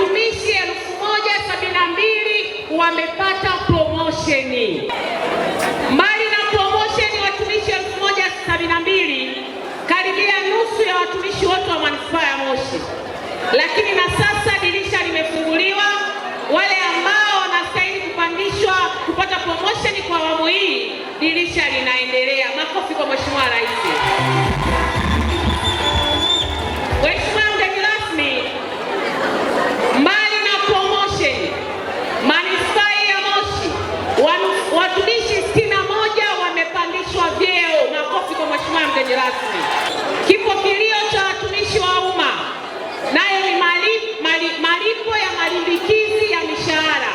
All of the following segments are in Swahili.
watumishi elfu moja sabini na mbili wamepata promotion. Mbali na promotion watumishi elfu moja sabini na mbili karibia nusu ya watumishi wote wa manispaa ya Moshi, lakini na sasa mgeni rasmi. Kipo kilio cha watumishi wa umma, nayo ni malipo ya malimbikizi ya mishahara.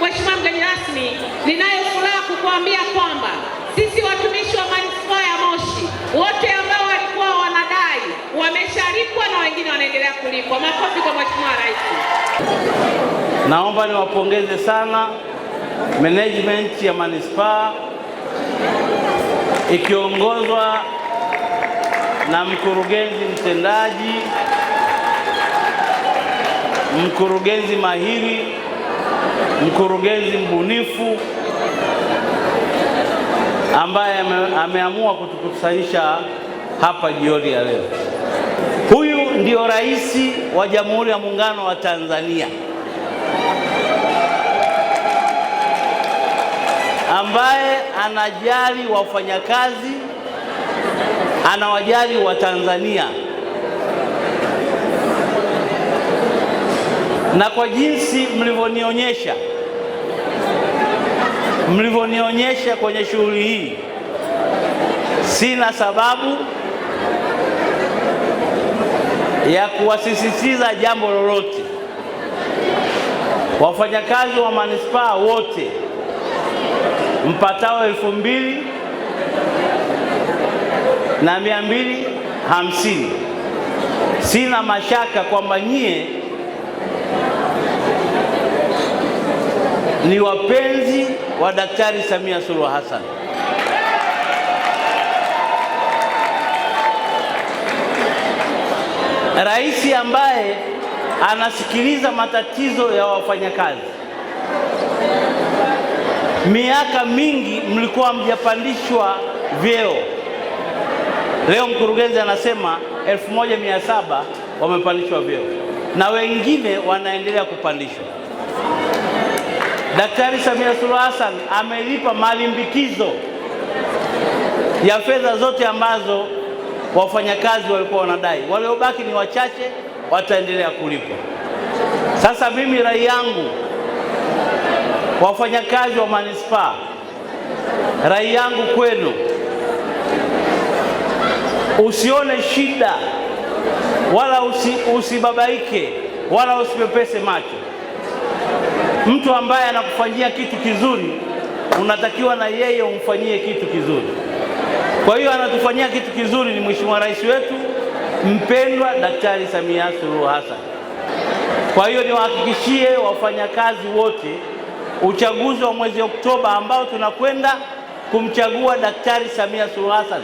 Mheshimiwa mgeni rasmi, ninayo furaha kukuambia kwamba sisi watumishi wa manispaa ya Moshi wote ambao walikuwa wanadai wameshalipwa na wengine wanaendelea kulipwa. Makofi kwa Mheshimiwa Rais. Naomba niwapongeze sana management ya manispaa ikiongozwa na mkurugenzi mtendaji, mkurugenzi mahiri, mkurugenzi mbunifu ambaye ameamua kutukusanisha hapa jioni ya leo. Huyu ndio rais wa Jamhuri ya Muungano wa Tanzania ambaye anajali wafanyakazi anawajali Watanzania na kwa jinsi mlivyonionyesha mlivyonionyesha kwenye shughuli hii, sina sababu ya kuwasisitiza jambo lolote. Wafanyakazi wa manispaa wote mpatao elfu mbili na mia mbili hamsini. Sina mashaka kwamba nyie ni wapenzi wa Daktari Samia Suluhu Hassan. Rais ambaye anasikiliza matatizo ya wafanyakazi. Miaka mingi mlikuwa mjapandishwa vyeo. Leo mkurugenzi anasema 1700 wamepandishwa vyeo na wengine wanaendelea kupandishwa. Daktari Samia Suluhu Hassan amelipa malimbikizo ya fedha zote ambazo wafanyakazi walikuwa wanadai. Waliobaki ni wachache, wataendelea kulipwa. Sasa mimi rai yangu wafanyakazi wa manispaa, rai yangu kwenu Usione shida wala usi, usibabaike wala usipepese macho. Mtu ambaye anakufanyia kitu kizuri unatakiwa na yeye umfanyie kitu kizuri. Kwa hiyo anatufanyia kitu kizuri ni Mheshimiwa Rais wetu mpendwa Daktari Samia Suluhu Hassan. Kwa hiyo niwahakikishie wafanyakazi wote, uchaguzi wa mwezi Oktoba ambao tunakwenda kumchagua Daktari Samia Suluhu Hassan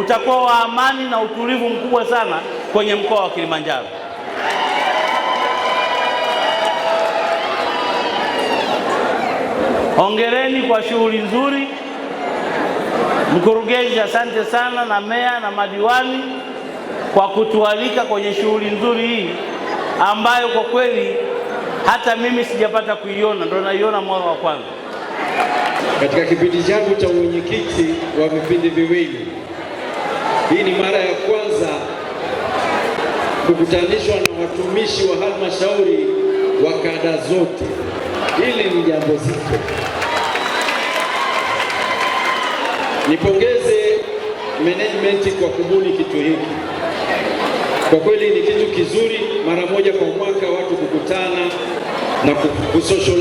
utakuwa wa amani na utulivu mkubwa sana kwenye mkoa wa Kilimanjaro. Hongereni kwa shughuli nzuri. Mkurugenzi, asante sana, na meya na madiwani kwa kutualika kwenye shughuli nzuri hii ambayo kwa kweli hata mimi sijapata kuiona, ndo naiona mara wa kwanza katika kipindi changu cha mwenyekiti wa vipindi viwili. Hii ni mara ya kwanza kukutanishwa na watumishi wa halmashauri wa kada zote. Hili ni jambo zito. Nipongeze management kwa kubuni kitu hiki. Kwa kweli ni kitu kizuri, mara moja kwa mwaka watu kukutana na kusocialize.